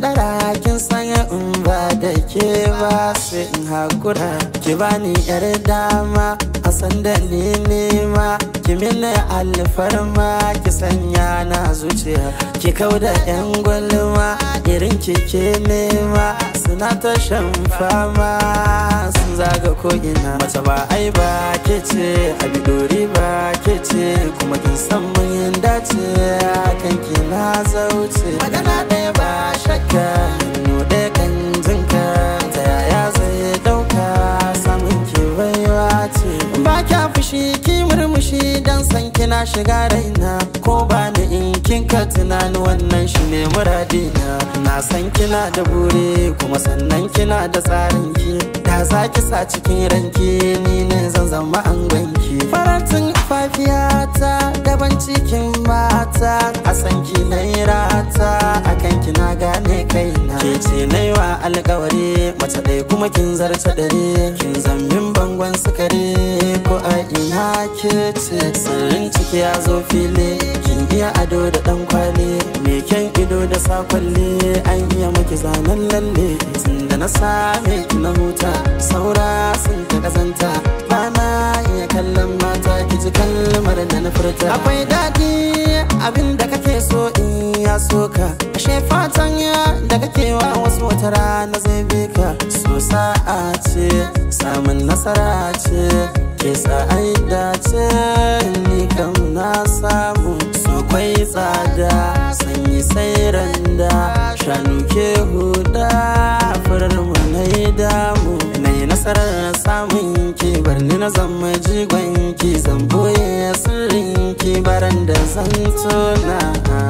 dara kin sanya in ba da ke ba sai in hakura ki bani yar dama a sanda ni nema ki mini alfarma ki sanya na zuciya ki kau da yan gwalma irin ki ke nema suna ta shan fama sun zaga ko'ina mace ba ai ba ke ce a ba ke ce kuma kin san mun dace kan ki na zauce magana ce ba kya fushi ki murmushi dan san kina shiga raina ko ba ni in kin ka tunani wannan shi ne muradina na san kina da bure kuma sannan kina da tsarin ki da za ki sa cikin ranki ni ne zan zama an gwanki faratin fafiyata daban cikin mata a san ki na rata akan kina gari ke ce naiwa alkawari mace ɗaya kuma kin zarta dare kin zambin bangon sukari ko a ina ke ce sirrin ciki ya zo fili kin iya ado da ɗan kwali me kyan ido da sakwalli an iya maki zanen lalle tun da na same na huta saura sun ta kazanta ba na iya kallon mata ki ji kalmar da na furta akwai soka ashe fatan ya da kake wasu wata rana zai bi ka so sa'a ce samun nasara ce ke da ce ni kam na samu so kwai tsada sanyi sai randa shanu ke huda furar mu na yi damu na yi nasarar samun ki bar ni na zama jigon ki zan boye sirrin ki baran da zan tona